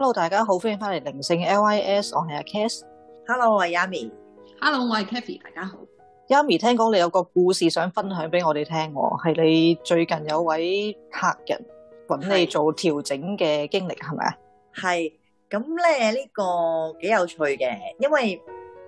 hello，大家好，歡迎翻嚟靈性 LYS，我係阿 Kiss，hello，我係 Yami，hello，我係 Kathy，大家好。Yami，聽講你有個故事想分享俾我哋聽，我係你最近有位客人揾你做調整嘅經歷係咪啊？係是，咁咧吧呢、這個幾有趣嘅，因為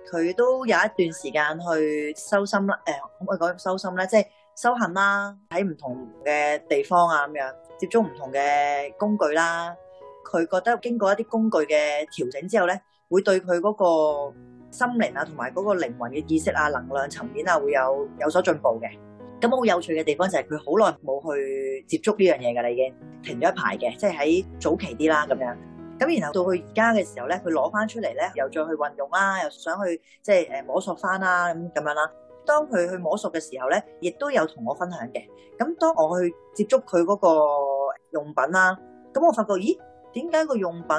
佢都有一段時間去修心啦，誒、呃，我唔會講修心啦，即係修行啦，喺唔同嘅地方啊咁樣接觸唔同嘅工具啦、啊。佢覺得經過一啲工具嘅調整之後咧，會對佢嗰個心靈啊，同埋嗰個靈魂嘅意識啊、能量層面啊，會有有所進步嘅。咁好有趣嘅地方就係佢好耐冇去接觸呢樣嘢㗎啦，已經停咗一排嘅，即係喺早期啲啦咁樣。咁然後到佢而家嘅時候咧，佢攞翻出嚟咧，又再去運用啦、啊，又想去即係誒摸索翻啦咁咁樣啦。當佢去摸索嘅時候咧，亦都有同我分享嘅。咁當我去接觸佢嗰個用品啦、啊，咁我發覺咦～點解個用品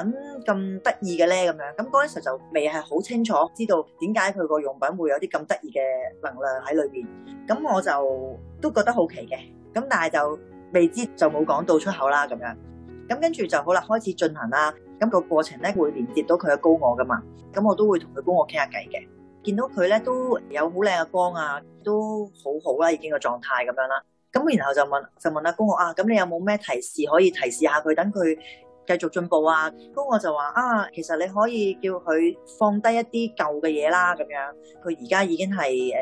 咁得意嘅咧？咁樣咁嗰陣時就未係好清楚，知道點解佢個用品會有啲咁得意嘅能量喺裏邊。咁我就都覺得好奇嘅，咁但係就未知就冇講到出口啦。咁樣咁跟住就好啦，開始進行啦。咁個過程咧會連接到佢嘅高我噶嘛。咁我都會同佢高我傾下偈嘅。見到佢咧都有好靚嘅光啊，都好好啊啦，已經個狀態咁樣啦。咁然後就問就問阿高我啊，咁你有冇咩提示可以提示下佢，等佢。繼續進步啊！咁我就話啊，其實你可以叫佢放低一啲舊嘅嘢啦，咁樣佢而家已經係誒、呃、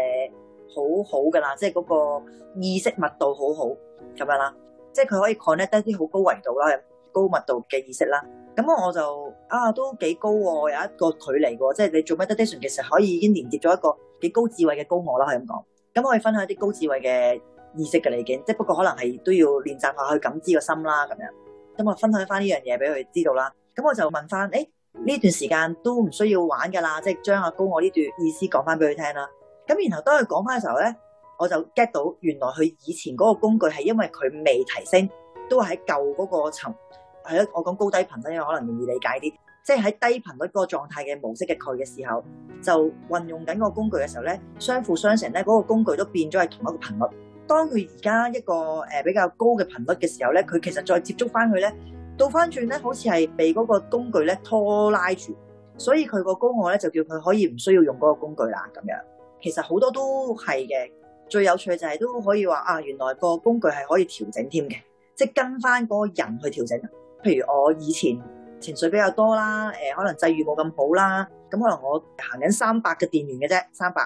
好好噶啦，即係嗰個意識密度很好好咁樣啦，即係佢可以 connect 得一啲好高維度啦、高密度嘅意識啦。咁我就啊，都幾高喎，有一個距離喎，即係你做 meditation 其實可以已經連結咗一個幾高智慧嘅高我啦，可以咁講。咁我可以分享一啲高智慧嘅意識嘅嚟嘅，即係不過可能係都要練習下去感知個心啦，咁樣。咁我分享翻呢樣嘢俾佢知道啦。咁我就問翻，誒、欸、呢段時間都唔需要玩噶啦，即係將阿高我呢段意思講翻俾佢聽啦。咁然後當佢講翻嘅時候咧，我就 get 到原來佢以前嗰個工具係因為佢未提升，都喺舊嗰個層，係咯，我講高低頻咧，有可能容易理解啲。即係喺低頻率嗰個狀態嘅模式嘅佢嘅時候，就運用緊嗰個工具嘅時候咧，相輔相成咧，嗰、嗰個工具都變咗係同一個頻率。當佢而家一個誒比較高嘅頻率嘅時候咧，佢其實再接觸翻佢咧，倒翻轉咧，好似係被嗰個工具咧拖拉住，所以佢個高我咧就叫佢可以唔需要用嗰個工具啦咁樣。其實好多都係嘅，最有趣就係都可以話啊，原來個工具係可以調整添嘅，即係跟翻嗰個人去調整。譬如我以前情緒比較多啦，誒可能際遇冇咁好啦，咁可能我行緊三百嘅電源嘅啫，三百。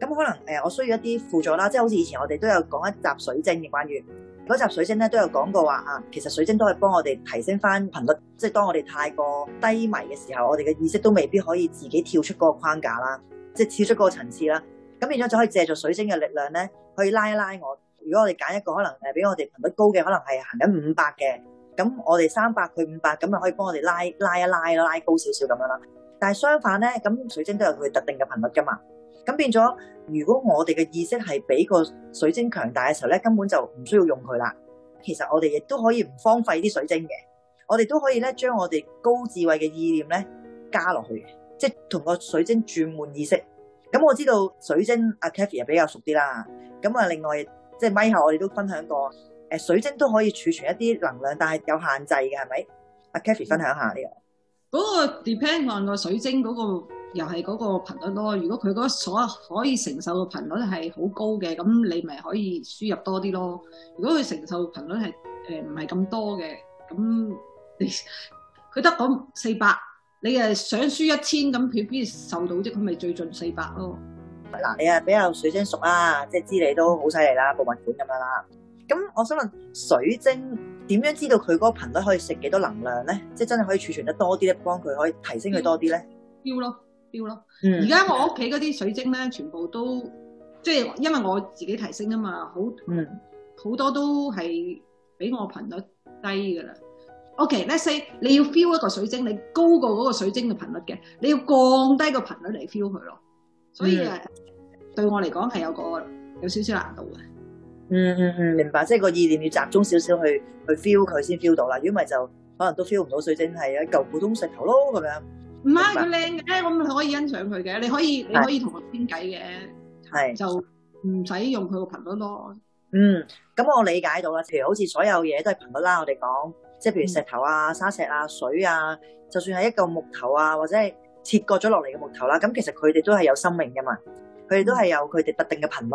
咁可能我需要一啲輔助啦，即係好似以前我哋都有講一集水晶嘅關於嗰集水晶咧，都有講過話啊，其實水晶都可以幫我哋提升翻頻率，即係當我哋太過低迷嘅時候，我哋嘅意識都未必可以自己跳出嗰個框架啦，即係跳出嗰個層次啦。咁然之後就可以借助水晶嘅力量咧，去拉一拉我。如果我哋揀一個可能誒，俾我哋頻率高嘅，可能係行緊五百嘅，咁我哋三百佢五百，咁啊可以幫我哋拉拉一拉咯，拉高少少咁樣咯。但相反咧，咁水晶都有佢特定嘅頻率噶嘛。咁變咗，如果我哋嘅意識係比個水晶強大嘅時候咧，根本就唔需要用佢啦。其實我哋亦都可以唔荒廢啲水晶嘅，我哋都可以咧將我哋高智慧嘅意念咧加落去嘅，即係同個水晶轉換意識。咁我知道水晶阿 Kathy 又比較熟啲啦。咁啊，另外即係麥後我哋都分享過，誒水晶都可以儲存一啲能量，但係有限制嘅，係咪？阿 Kathy 分享下呢個。嗰個 depend on 個水晶嗰個。又係嗰個頻率咯。如果佢嗰所可以承受嘅頻率係好高嘅，咁你咪可以輸入多啲咯。如果佢承受嘅頻率係誒唔係咁多嘅，咁你佢得講四百，400，你誒想輸一千，咁佢必受到啫？佢咪最盡四百咯。係啦，你係比較水晶熟啊，即係知你都好犀利啦，博物館咁樣啦。咁我想問水晶點樣知道佢嗰個頻率可以食幾多能量咧？即係真係可以儲存得多啲咧，幫佢可以提升佢多啲咧？要咯。標咯，而家我屋企嗰啲水晶咧，全部都即係、嗯、因為我自己提升啊嘛，好好、嗯、多都係俾我頻率低噶啦。OK，let's say 你要 feel 一個水晶，你高過嗰個水晶嘅頻率嘅，你要降低個頻率嚟 feel 佢咯。所以誒、嗯、對我嚟講係有個有少少難度嘅。嗯嗯嗯，明白，即係個意念要集中少少去去 feel 佢先 feel 到啦。如果唔係就可能都 feel 唔到水晶係一嚿普通石頭咯咁樣。唔係佢靚嘅，我咪可以欣賞佢嘅。你可以你可以同佢傾偈嘅，係就唔使用佢個頻率咯。嗯，咁我理解到啦。譬如好似所有嘢都係頻率啦，我哋講即係譬如石頭啊、沙石啊、水啊，就算係一個木頭啊，或者係切割咗落嚟嘅木頭啦，咁其實佢哋都係有生命㗎嘛。佢哋都係有佢哋特定嘅頻率，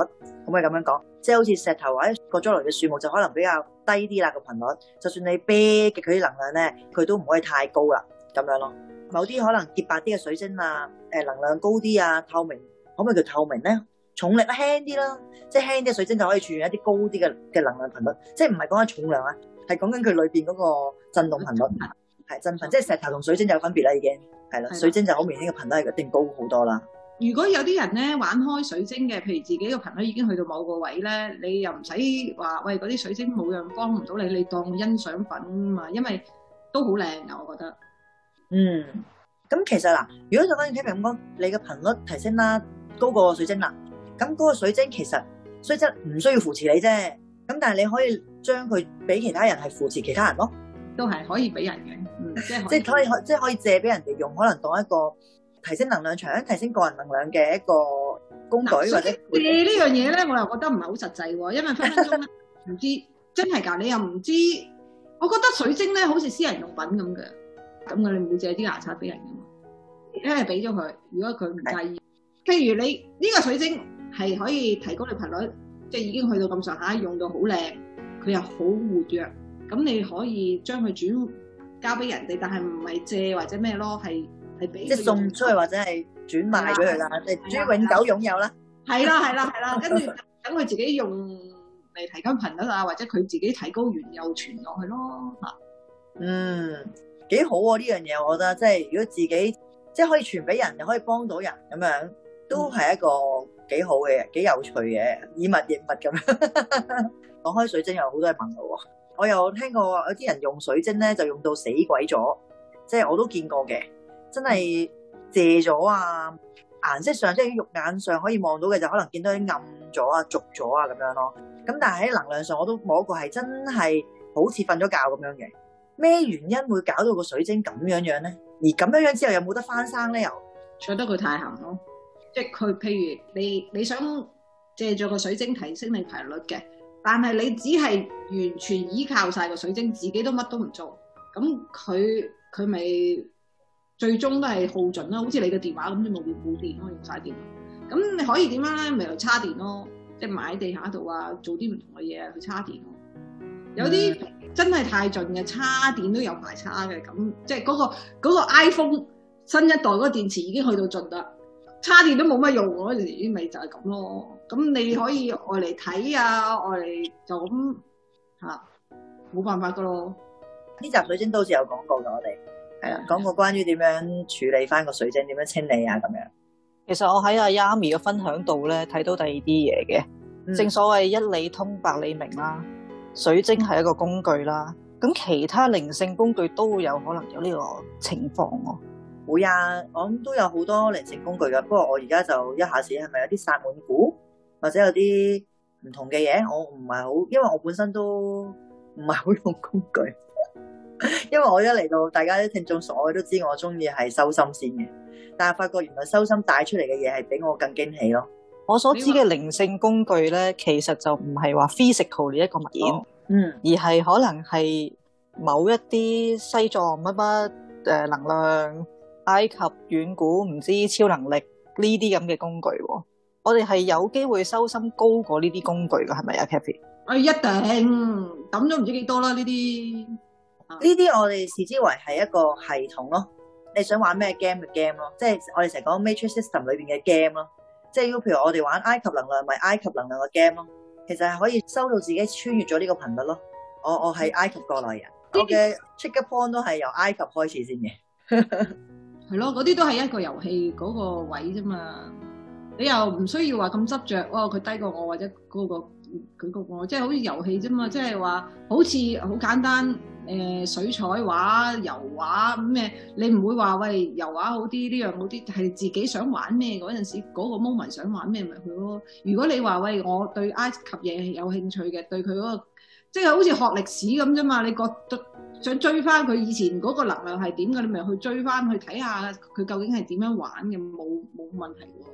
可唔可以咁樣講？即係好似石頭或者割咗落嚟嘅樹木，就可能比較低啲啦個頻率。就算你啤嘅佢啲能量咧，佢都唔可以太高啦，咁樣咯。某啲可能潔白啲嘅水晶啊，誒能量高啲啊，透明可唔可以叫透明咧？重力輕啲啦，即係輕啲嘅水晶就可以處於一啲高啲嘅嘅能量頻率，即係唔係講緊重量啊，係講緊佢裏邊嗰個振動頻率，係振頻，即係石頭同水晶就有分別啦，已經係啦，對了 水晶就好明顯嘅頻率一定高好多啦。如果有啲人咧玩開水晶嘅，譬如自己嘅頻率已經去到某個位咧，你又唔使話喂，嗰啲水晶冇用，幫唔到你，你當欣賞品啊嘛，因為都好靚啊，我覺得。嗯，咁其實嗱，如果就講住聽明咁講，你嘅頻率提升啦，高過水晶啦，咁嗰個水晶其實水晶唔需要扶持你啫，咁但係你可以將佢俾其他人係扶持其他人咯，都係可以俾人嘅，嗯，即係即係可以即係 可，可、即係、可以借俾人哋用，可能當一個提升能量場、提升個人能量嘅一個工具晶或者借呢樣嘢咧，我又覺得唔係好實際喎，哦，因為分分鐘唔 知真係噶，你又唔知，我覺得水晶咧好似私人用品咁嘅。咁嘅你冇借啲牙刷俾人噶嘛？因為俾咗佢，如果佢唔介意，是的 譬如你呢、呢個水晶係可以提高你的頻率，即係已經去到咁上下，用到好靚，佢又好活躍，咁你可以將佢轉交俾人哋，但係唔係借或者咩咯？係係俾即係送出去或者係轉賣俾佢啦，即係豬永久擁有啦。係啦係啦係啦，跟住等佢自己用嚟提高頻率啊，或者佢自己提高完又傳落去咯嚇。嗯。幾好喎呢樣嘢，我覺得即係如果自己即係可以傳俾人，又可以幫到人咁樣，都係一個幾好嘅，幾有趣嘅，以物易物咁樣。講 開水晶有好多人問我喎。我又聽過有啲人用水晶咧就用到死鬼咗，即係我都見過嘅，真係謝咗啊，顏色上即係肉眼上可以望到嘅就可能見到啲暗咗啊、濁咗啊咁樣咯。咁但係喺能量上我都摸過係真係好似瞓咗覺咁樣嘅。咩原因會搞到個水晶咁樣樣咧？而咁樣樣之後又冇得翻生咧？又坐得佢太行咯，即係佢譬如你你想借助個水晶提升你頻率嘅，但係你只係完全依靠晒個水晶，自己都乜都唔做，咁佢佢咪最終都係耗盡啦。好似你嘅電話咁，你冇電耗電咯，用晒電。咁你可以點樣咧？咪又叉電咯，即係埋喺地下度啊，做啲唔同嘅嘢去叉電咯。Mm. 有啲。真係太盡嘅，叉電都有排叉嘅咁，即係嗰個嗰個 iPhone 新一代嗰個電池已經去到盡啦，叉電都冇乜用嗰陣時，咪就係咁咯。咁你可以外嚟睇啊，外嚟就咁吓，冇辦法噶咯。呢集水晶都好似有講過㗎，我哋係啊，的講過關於點樣處理翻個水晶，點樣清理啊咁樣。其實我喺阿 Yami 嘅分享度咧，睇到第二啲嘢嘅，正所謂一理通百理明啦。水晶係一個工具啦，咁其他靈性工具都有可能有呢個情況喎。會啊，我諗都有好多靈性工具㗎，不過我而家就一下子係咪有啲薩滿鼓，或者有啲唔同嘅嘢，我唔係好，因為我本身都唔係好用工具， 因為我一嚟到大家啲聽眾所都知，我中意係修心先嘅，但係發覺原來修心帶出嚟嘅嘢係比我更驚喜咯。我所知嘅靈性工具咧，其實就唔係話 physical 嘅一個物件，嗯，而係可能係某一啲西藏乜乜誒能量、埃及遠古唔知超能力呢啲咁嘅工具。我哋係有機會收心高過呢啲工具噶，係咪、嗯、啊，Cathy？誒、哎，一定抌咗唔知幾多啦呢啲，呢啲我哋視之為係一個系統咯。你想玩咩 game 嘅 game 咯？即係我哋成日講 matrix system 裏邊嘅 game 咯。即係要譬如我哋玩埃及能量，咪、就是、埃及能量嘅 game 咯。其實係可以收到自己穿越咗呢個頻率咯。我我係埃及過來人。我嘅 check point 都係由埃及開始先嘅。係 咯，嗰啲都係一個遊戲嗰個位啫嘛。你又唔需要話咁執着，哇、哦，佢低過我或者嗰佢高過我，即係好似遊戲啫嘛。即係話好似好簡單。誒，水彩畫、油畫咩？你唔會話喂，油畫好啲，呢樣好啲，係自己想玩咩嗰陣時，嗰個 moment 想玩咩咪去咯。如果你話喂，我對埃及嘢係有興趣嘅，對佢嗰個即係好似學歷史咁啫嘛，你覺得想追翻佢以前嗰個能量係點嘅，你咪去追翻去睇下佢究竟係點樣玩嘅，冇冇問題喎，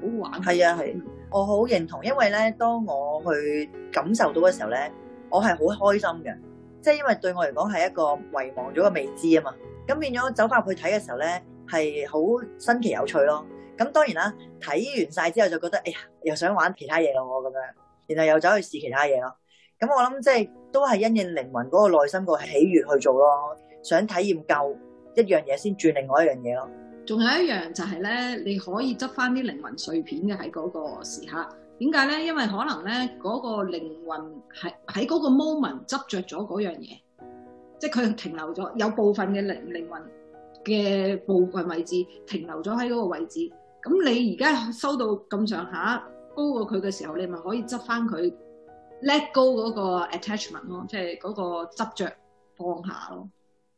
好玩。係啊，係，我好認同，因為咧，當我去感受到嘅時候咧，我係好開心嘅。即係因為對我嚟講係一個遺忘咗嘅未知啊嘛，咁變咗走翻去睇嘅時候咧係好新奇有趣咯。咁當然啦，睇完晒之後就覺得，哎呀，又想玩其他嘢咯我咁樣，然後又走去試其他嘢咯。咁我諗即係都係因應靈魂嗰個內心個喜悅去做咯，想體驗夠一樣嘢先轉另外一樣嘢咯。仲有一樣就係咧，你可以執翻啲靈魂碎片嘅喺嗰個時刻。點解咧？因為可能咧，嗰個靈魂喺喺嗰個 moment 執着咗嗰樣嘢，即係佢停留咗，有部分嘅靈靈魂嘅部分位置停留咗喺嗰個位置。咁你而家收到咁上下高過佢嘅時候，你咪可以執翻佢 let go 嗰個 attachment 咯，即係嗰個執著放下咯。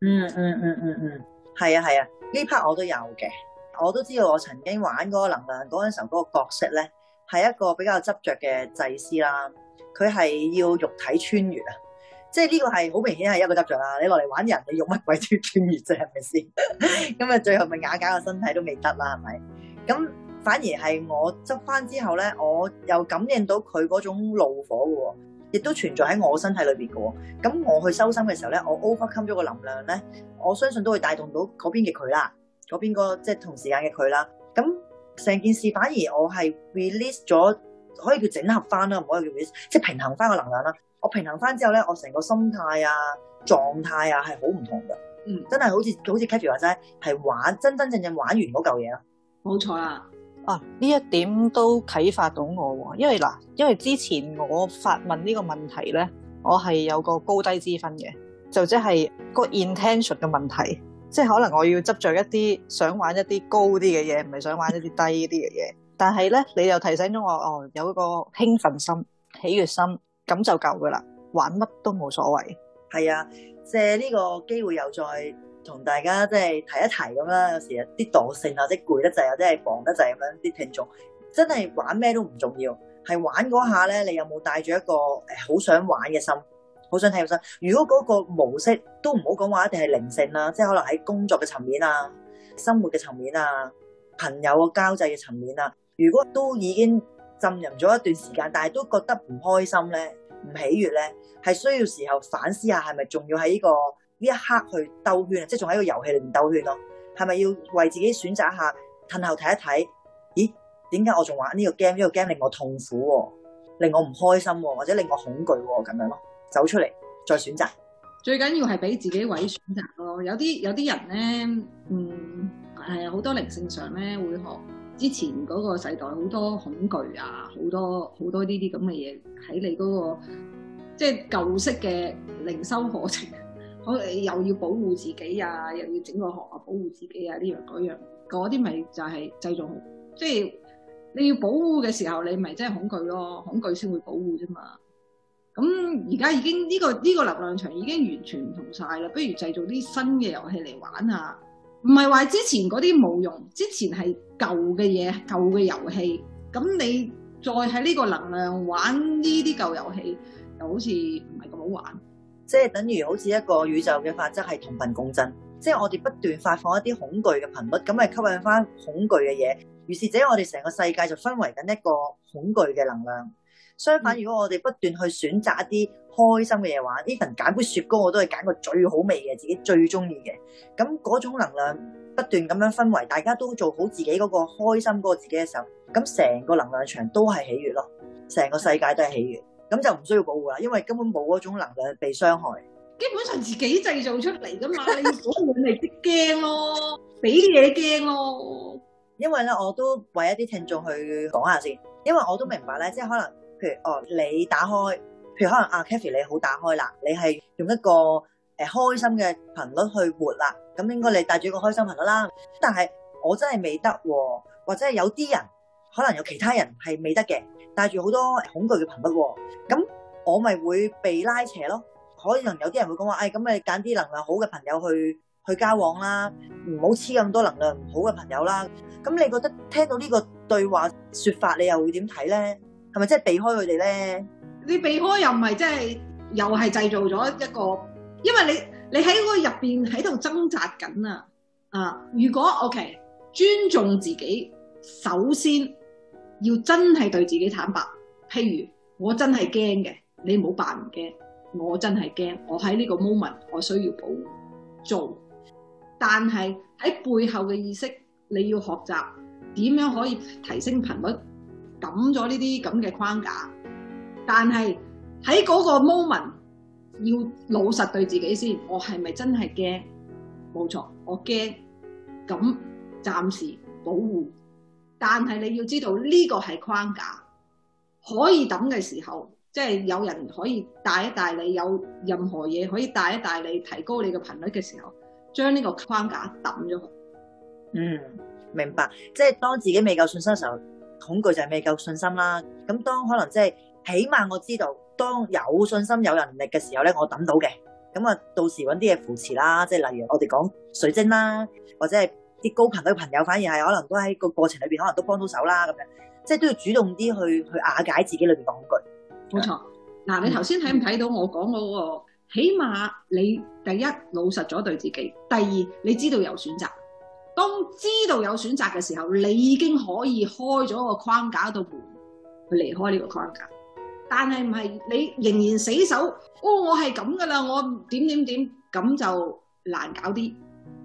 嗯嗯嗯嗯嗯，係啊係啊，呢 part、啊、我都有嘅，我都知道我曾經玩嗰個能量嗰陣時候嗰個角色咧。係一個比較執着嘅祭司啦，佢係要肉體穿越啊，即係呢個係好明顯係一個執着啦。你落嚟玩人，你用乜鬼嘢穿越啫，係咪先？咁啊，最後咪啞啞個身體都未得啦，係咪？咁反而係我執翻之後咧，我又感應到佢嗰種怒火嘅，亦都存在喺我身體裏邊嘅。咁我去收心嘅時候咧，我 overcome 咗個能量咧，我相信都會帶動到嗰邊嘅佢啦，嗰邊個即係同時間嘅佢啦。咁成件事反而我係 release 咗，可以叫整合翻啦，唔可以叫 release，即係平衡翻個能量啦。我平衡翻之後咧，我成個心態啊、狀態啊係好唔同嘅。嗯，真係好似好似 Katie 話齋，係玩真真正正玩完嗰嚿嘢啦。冇錯啦。啊，呢、啊、一點都啟發到我，因為嗱，因為之前我發問呢個問題咧，我係有個高低之分嘅，就即係個 intention 嘅問題。即係可能我要執着一啲想玩一啲高啲嘅嘢，唔係想玩一啲低啲嘅嘢。 但係咧，你又提醒咗我，哦，有一個興奮心、喜悅心，咁就夠噶啦。玩乜都冇所謂。係啊，借呢個機會又再同大家即係、就是、提一提咁啦。有時啊，啲惰性啊，即係攰得滯啊，即係忙得滯啊，啲聽眾真係玩咩都唔重要，係玩嗰下咧，你有冇帶住一個誒好想玩嘅心？好想睇起身。如果嗰個模式都唔好講話，一定係靈性啦，即係可能喺工作嘅層面啊、生活嘅層面啊、朋友嘅交際嘅層面啊，如果都已經浸淫咗一段時間，但係都覺得唔開心咧、唔喜悦咧，係需要時候反思下是不是、這個，係咪仲要喺呢個呢一刻去兜圈啊？即係仲喺一個遊戲裏面兜圈咯？係咪要為自己選擇一下，褪後睇一睇？咦？點解我仲玩呢個 game？呢、這個 game 令我痛苦，令我唔開心，或者令我恐懼咁樣咯？走出嚟再選擇，最緊要係俾自己位選擇咯。有啲有啲人咧，嗯，係好多靈性上咧會學之前嗰個世代好多恐懼啊，好多好多呢啲咁嘅嘢喺你嗰個即係舊式嘅靈修課程，可能又要保護自己啊，又要整個學啊保護自己啊呢樣嗰樣，嗰啲咪就係製造，即係你要保護嘅時候，你咪真係恐懼咯，恐懼先會保護啫嘛。咁而家已經呢、這個呢、這個能量場已經完全唔同晒啦，不如製造啲新嘅遊戲嚟玩下。唔係話之前嗰啲冇用，之前係舊嘅嘢、舊嘅遊戲。咁你再喺呢個能量玩呢啲舊遊戲，又好似唔係咁好玩。即係等於好似一個宇宙嘅法則係同頻共振即係、就是、我哋不斷發放一啲恐懼嘅頻率，咁、就、係、是、吸引翻恐懼嘅嘢。於是者，我哋成個世界就分為緊一個恐懼嘅能量。相反，如果我哋不斷去選擇一啲開心嘅嘢話，even 揀杯雪糕，我都係揀個最好味嘅，自己最中意嘅。咁嗰種能量不斷咁樣氛圍，大家都做好自己嗰個開心嗰個自己嘅時候，咁成個能量場都係喜悅咯，成個世界都係喜悅。咁就唔需要保護啦，因為根本冇嗰種能量被傷害。基本上自己製造出嚟噶嘛， 你講完係激驚咯，俾嘢驚咯。因為咧，我都為一啲聽眾去講下先，因為我都明白咧，即係可能。譬如哦，你打開，譬如可能啊，Kathy 你好打開啦。你係用一個誒、呃、開心嘅頻率去活啦。咁應該你帶住一個開心頻率啦。但係我真係未得，或者有啲人可能有其他人係未得嘅，帶住好多恐懼嘅頻率，啊。咁我咪會被拉扯咯。可能有啲人會講話，哎咁，你揀啲能量好嘅朋友去去交往啦，唔好黐咁多能量唔好嘅朋友啦。咁你覺得聽到呢個對話說法，你又會點睇咧？係咪即係避開佢哋咧？你避開又唔係即係又係製造咗一個，因為你你喺嗰入邊喺度掙扎緊啊！啊，如果 OK，尊重自己，首先要真係對自己坦白。譬如我真係驚嘅，你唔好扮唔驚。我真係驚，我喺呢個 moment 我需要保護做，但係喺背後嘅意識，你要學習點樣可以提升頻率。抌咗呢啲咁嘅框架，但係喺嗰個 moment 要老實對自己先，我係咪真係驚？冇錯，我驚。咁暫時保護，但係你要知道呢個係框架，可以抌嘅時候，即係有人可以帶一帶你，有任何嘢可以帶一帶你提高你嘅頻率嘅時候，將呢個框架抌咗佢。嗯，明白。即係當自己未夠信心嘅時候。恐懼就係未夠信心啦，咁當可能即係起碼我知道，當有信心、有能力嘅時候咧，我等到嘅，咁啊到時搵啲嘢扶持啦，即係例如我哋講水晶啦，或者係啲高頻率嘅朋友，反而係可能都喺個過程裏邊，可能都幫到手啦，咁樣，即係都要主動啲去去瓦解自己裏邊恐懼：錯「冇錯是，嗱、啊，你頭先睇唔睇到我講嗰個？嗯、起碼你第一老實咗對自己，第二你知道有選擇。當知道有選擇嘅時候，你已經可以開咗個框架度門去離開呢個框架。但係唔係你仍然死守？哦，我係咁㗎啦，我點點點咁就難搞啲。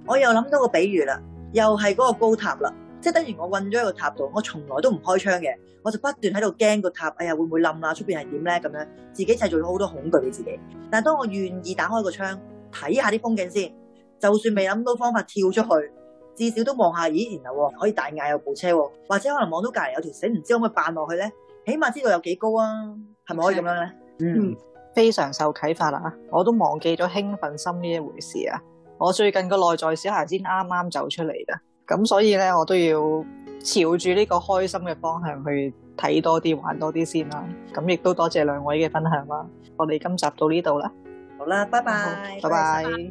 我又諗到個比喻啦，又係嗰個高塔啦，即係等於我困咗一個塔度，我從來都唔開窗嘅，我就不斷喺度驚個塔，哎呀會唔會冧啦？出邊係點咧？咁樣自己製造咗好多恐懼俾自己。但係當我願意打開一個窗睇下啲風景先，就算未諗到方法跳出去。至少都望下，咦，然後可以大嗌有部車，或者可能望到隔籬有條繩，唔知可唔可以扮落去咧？起碼知道有幾高啊，係咪可以咁樣咧？嗯，非常受啟發啊！我都忘記咗興奮心呢一回事啊！我最近個內在小孩先啱啱走出嚟㗎，咁所以咧，我都要朝住呢個開心嘅方向去睇多啲，玩多啲先啦。咁亦都多謝兩位嘅分享啦！我哋今集到呢度啦，好啦，拜拜，拜拜。